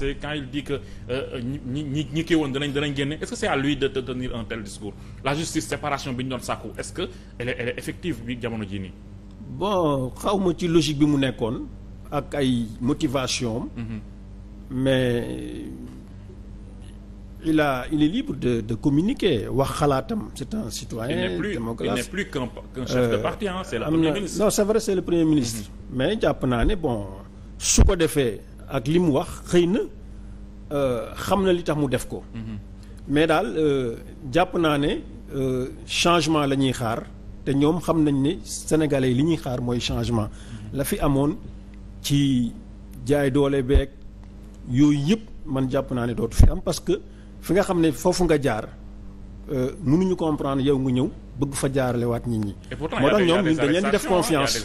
c'est quand il dit que ñi ñi ñi woon danañ danañ génne est-ce que c'est à lui de tenir un tel discours la justice séparation bi ñu doon sàkku est-ce que elle est effective bi jamono ji nii. bon xawma ci logique bi mu nekkoon ak ay motivation mm-hmm. mais il a il est libre de de communiquer wax xalaatam c'est un citoyen démocrate il n'est plus qu'un qu'un euh, vrai c'est le premier ministre mm-hmm. mais jàpp naa ne bon su ko defee ak li mu wax xëy na euh, xam na li tax mu def ko. Mm-hmm. mais daal euh, jàpp naa ne euh, changement la ñuy xaar te ñoom xam nañ ne sénégalais yi li ñuy xaar mooy changement. Mm-hmm. la fi amoon ci jaay doole beeg yooyu yëpp man jàpp naa ne dootu fi am parce que fi nga xam ne foofu nga jaar mënuñu comprendre yow nga ñëw bëgg fa jaarale waat nit ñi. moo tax ñoom ñun dañ di def confiance.